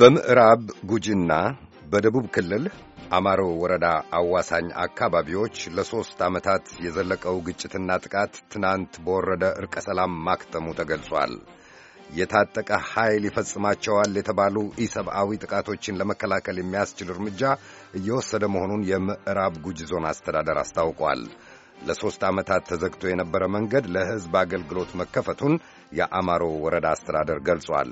በምዕራብ ጉጂና በደቡብ ክልል አማሮ ወረዳ አዋሳኝ አካባቢዎች ለሦስት ዓመታት የዘለቀው ግጭትና ጥቃት ትናንት በወረደ ዕርቀ ሰላም ማክተሙ ተገልጿል። የታጠቀ ኃይል ይፈጽማቸዋል የተባሉ ኢሰብአዊ ጥቃቶችን ለመከላከል የሚያስችል እርምጃ እየወሰደ መሆኑን የምዕራብ ጉጂ ዞን አስተዳደር አስታውቋል። ለሦስት ዓመታት ተዘግቶ የነበረ መንገድ ለሕዝብ አገልግሎት መከፈቱን የአማሮ ወረዳ አስተዳደር ገልጿል።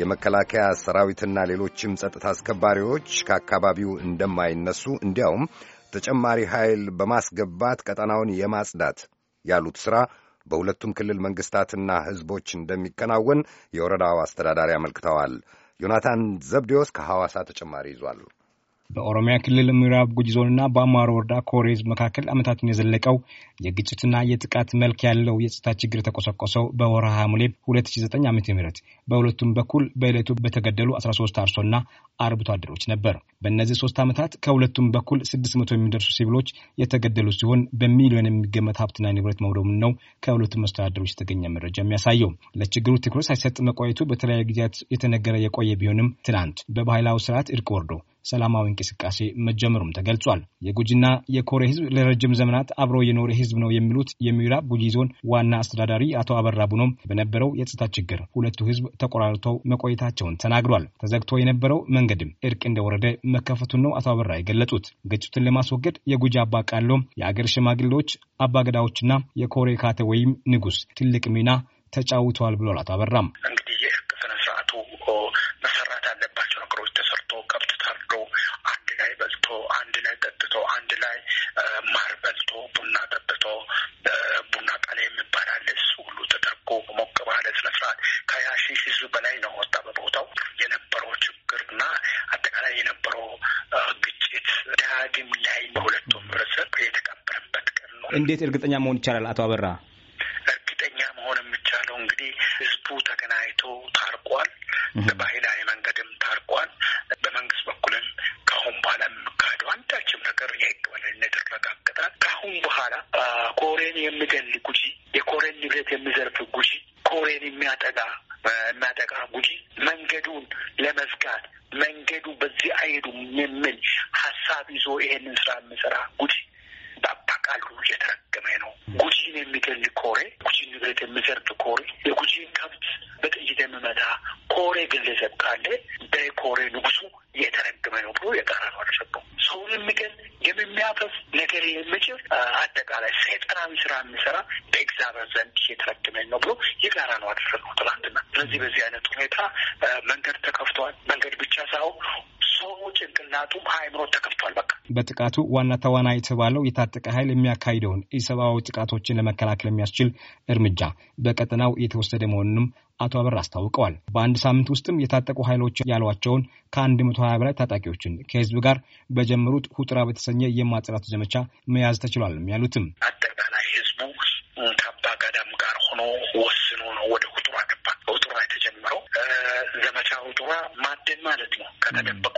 የመከላከያ ሰራዊትና ሌሎችም ጸጥታ አስከባሪዎች ከአካባቢው እንደማይነሱ እንዲያውም ተጨማሪ ኃይል በማስገባት ቀጠናውን የማጽዳት ያሉት ሥራ በሁለቱም ክልል መንግሥታትና ሕዝቦች እንደሚከናወን የወረዳው አስተዳዳሪ አመልክተዋል። ዮናታን ዘብዴዎስ ከሐዋሳ ተጨማሪ ይዟል። በኦሮሚያ ክልል ምዕራብ ጉጂ ዞንና በአማሮ ወረዳ ኮሬዝ መካከል ዓመታትን የዘለቀው የግጭትና የጥቃት መልክ ያለው የጸጥታ ችግር የተቆሰቆሰው በወረሃ ሐምሌ 2009 ዓ ም በሁለቱም በኩል በዕለቱ በተገደሉ 13 አርሶና አርብቶ አደሮች ነበር። በእነዚህ ሶስት ዓመታት ከሁለቱም በኩል 600 የሚደርሱ ሲቪሎች የተገደሉ ሲሆን በሚሊዮን የሚገመት ሀብትና ንብረት መውደሙን ነው ከሁለቱም መስተዳደሮች የተገኘ መረጃ የሚያሳየው። ለችግሩ ትኩረት ሳይሰጥ መቆየቱ በተለያዩ ጊዜያት የተነገረ የቆየ ቢሆንም ትናንት በባህላዊ ስርዓት እርቅ ወርዶ ሰላማዊ እንቅስቃሴ መጀመሩም ተገልጿል። የጉጂና የኮሬ ህዝብ ለረጅም ዘመናት አብሮ የኖረ ህዝብ ነው የሚሉት የሚራ ጉጂ ዞን ዋና አስተዳዳሪ አቶ አበራ ቡኖም በነበረው የጸጥታ ችግር ሁለቱ ህዝብ ተቆራርተው መቆየታቸውን ተናግሯል። ተዘግቶ የነበረው መንገድም እርቅ እንደወረደ መከፈቱን ነው አቶ አበራ የገለጹት። ግጭቱን ለማስወገድ የጉጂ አባ ቃሎም የአገር ሽማግሌዎች አባገዳዎችና የኮሬ ካተ ወይም ንጉስ ትልቅ ሚና ተጫውተዋል ብሏል። አቶ አበራም ግጭት ዳግም ላይ በሁለቱ ህብረተሰብ የተቀበረበት ቀን ነው። እንዴት እርግጠኛ መሆን ይቻላል? አቶ አበራ እርግጠኛ መሆን የሚቻለው እንግዲህ ህዝቡ ተገናኝቶ ታርቋል። በባህላዊ መንገድም ታርቋል። በመንግስት በኩልም ከአሁን በኋላ የሚካሄደው አንዳችም ነገር የህግ የበላይነት ይረጋገጣል። ከአሁን በኋላ ኮሬን የሚገል ጉጂ፣ የኮሬን ንብረት የሚዘርፍ ጉጂ፣ ኮሬን የሚያጠጋ የሚያጠቃ ጉጂ መንገዱን ለመዝጋት መንገዱ በዚህ አይሄዱም የሚል ሀሳብ ይዞ ይሄንን ስራ የምሰራ ጉዲ በአባቃሉ እየተረገመ ነው። ጉዲን የሚገል ኮሬ፣ ጉዲን ንብረት የምዘርግ ኮሬ የሚያፈስ ነገር የምችል አጠቃላይ ሰይጣናዊ ስራ የሚሰራ በእግዚአብሔር ዘንድ የተረገመኝ ነው ብሎ የጋራ ነው አደረግነው ትላንትና። ስለዚህ በዚህ አይነት ሁኔታ መንገድ ተከፍቷል። መንገድ ብቻ ሳይሆን ሰው ጭንቅላቱ ሃይምሮት ተከፍቷል። በቃ በጥቃቱ ዋና ተዋና የተባለው የታጠቀ ኃይል የሚያካሂደውን የሰብአዊ ጥቃቶችን ለመከላከል የሚያስችል እርምጃ በቀጠናው የተወሰደ መሆኑንም አቶ አበር አስታውቀዋል። በአንድ ሳምንት ውስጥም የታጠቁ ኃይሎች ያሏቸውን ከአንድ መቶ ሀያ በላይ ታጣቂዎችን ከህዝብ ጋር በጀመሩት ሁጥራ በተሰኘ የማጽዳቱ ዘመቻ መያዝ ተችሏልም ያሉትም አጠቃላይ ህዝቡ ከአባ ገዳም ጋር ሆኖ ወስኖ ነው ወደ ሁጥሯ ገባ። ሁጥሯ የተጀመረው ዘመቻ ሁጥሯ ማደን ማለት ነው ከተደበቁ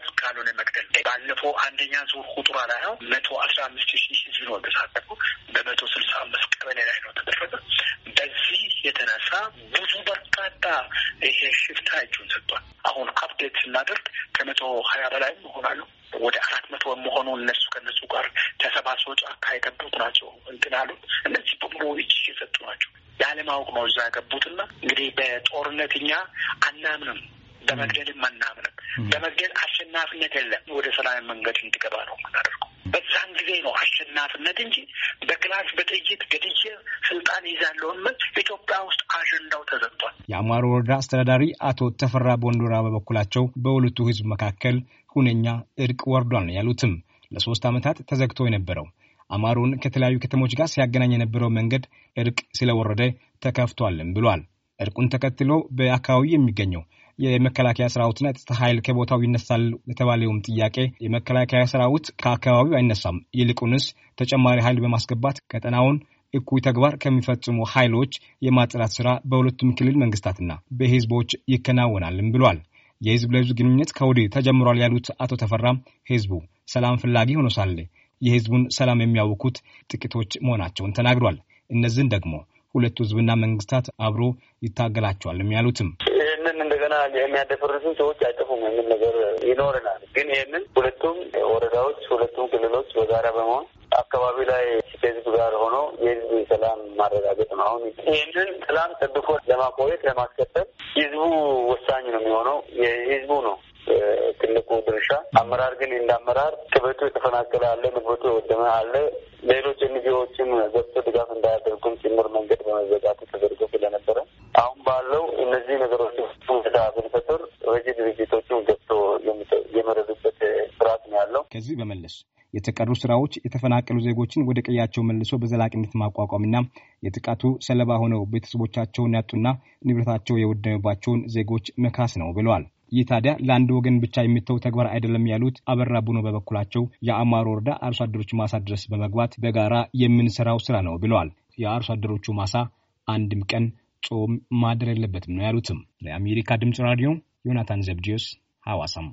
ማጥፋት ካልሆነ መግደል። ባለፈው አንደኛ ዙር ቁጥር አላየው መቶ አስራ አምስት ሺህ ህዝብ ነው ተሳተፉ በመቶ ስልሳ አምስት ቀበሌ ላይ ነው ተደረገ። በዚህ የተነሳ ብዙ በርካታ ይሄ ሽፍታ እጁን ሰጥቷል። አሁን አፕዴት ስናደርግ ከመቶ ሀያ በላይ ይሆናሉ ወደ አራት መቶ መሆኑ እነሱ ከነሱ ጋር ተሰባስቦ ጫካ የገቡት ናቸው። እንትን አሉት እነዚህ በሙሉ እጅ የሰጡ ናቸው። ያለማወቅ ነው እዛ የገቡትና እንግዲህ በጦርነት እኛ አናምንም። በመግደል መናምንም ለመግደል አሸናፊነት የለም። ወደ ሰላም መንገድ እንድገባ ነው የምናደርገው። በዛን ጊዜ ነው አሸናፊነት እንጂ በክላስ በጥይት ገድዬ ስልጣን ይዛለውን መል ኢትዮጵያ ውስጥ አጀንዳው ተዘግቷል። የአማሮ ወረዳ አስተዳዳሪ አቶ ተፈራ ቦንዶራ በበኩላቸው በሁለቱ ህዝብ መካከል ሁነኛ እርቅ ወርዷል ነው ያሉትም። ለሶስት ዓመታት ተዘግቶ የነበረው አማሮን ከተለያዩ ከተሞች ጋር ሲያገናኝ የነበረው መንገድ እርቅ ስለወረደ ተከፍቷልም ብሏል። እርቁን ተከትሎ በአካባቢው የሚገኘው የመከላከያ ሰራዊትና የጸጥታ ኃይል ከቦታው ይነሳል ለተባለውም ጥያቄ የመከላከያ ሰራዊት ከአካባቢው አይነሳም፣ ይልቁንስ ተጨማሪ ኃይል በማስገባት ቀጠናውን እኩይ ተግባር ከሚፈጽሙ ኃይሎች የማጽዳት ስራ በሁለቱም ክልል መንግስታትና በህዝቦች ይከናወናልም ብሏል። የህዝብ ለህዝብ ግንኙነት ከወዲህ ተጀምሯል ያሉት አቶ ተፈራም ህዝቡ ሰላም ፍላጊ ሆኖ ሳለ የህዝቡን ሰላም የሚያውኩት ጥቂቶች መሆናቸውን ተናግሯል። እነዚህን ደግሞ ሁለቱ ህዝብና መንግስታት አብሮ ይታገላቸዋልም ያሉትም ገና የሚያደፈርሱ ሰዎች አይጠፉም የሚል ነገር ይኖረናል። ግን ይህንን ሁለቱም ወረዳዎች ሁለቱም ክልሎች በጋራ በመሆን አካባቢ ላይ ከህዝብ ጋር ሆኖ የህዝብ ሰላም ማረጋገጥ ነው። አሁን ይህንን ሰላም ጠብቆ ለማቆየት ለማስከተል ህዝቡ ወሳኝ ነው የሚሆነው የህዝቡ ነው ትልቁ ድርሻ። አመራር ግን እንደ አመራር ክበቱ የተፈናቀለ አለ፣ ንብረቱ የወደመ አለ። ሌሎች ኤንጂኦዎችም ገብቶ ድጋፍ እንዳያደርጉም ጭምር መንገድ በመዘጋቱ ተደርጎ ስለነበረ አሁን ባለው እነዚህ ነገሮች ብንፈጥር ረጅ ድርጅቶቹ ገብቶ የመረዱበት ስርዓት ነው ያለው። ከዚህ በመለስ የተቀሩ ስራዎች የተፈናቀሉ ዜጎችን ወደ ቀያቸው መልሶ በዘላቂነት ማቋቋምና የጥቃቱ ሰለባ ሆነው ቤተሰቦቻቸውን ያጡና ንብረታቸው የወደመባቸውን ዜጎች መካስ ነው ብለዋል። ይህ ታዲያ ለአንድ ወገን ብቻ የሚተው ተግባር አይደለም ያሉት አበራ ቡኖ በበኩላቸው የአማሮ ወረዳ አርሶ አደሮች ማሳ ድረስ በመግባት በጋራ የምንሰራው ስራ ነው ብለዋል። የአርሶ አደሮቹ ማሳ አንድም ቀን ጾም ማደር የለበትም ነው ያሉትም። ለአሜሪካ ድምፅ ራዲዮ ዮናታን ዘብድዮስ ሐዋሳም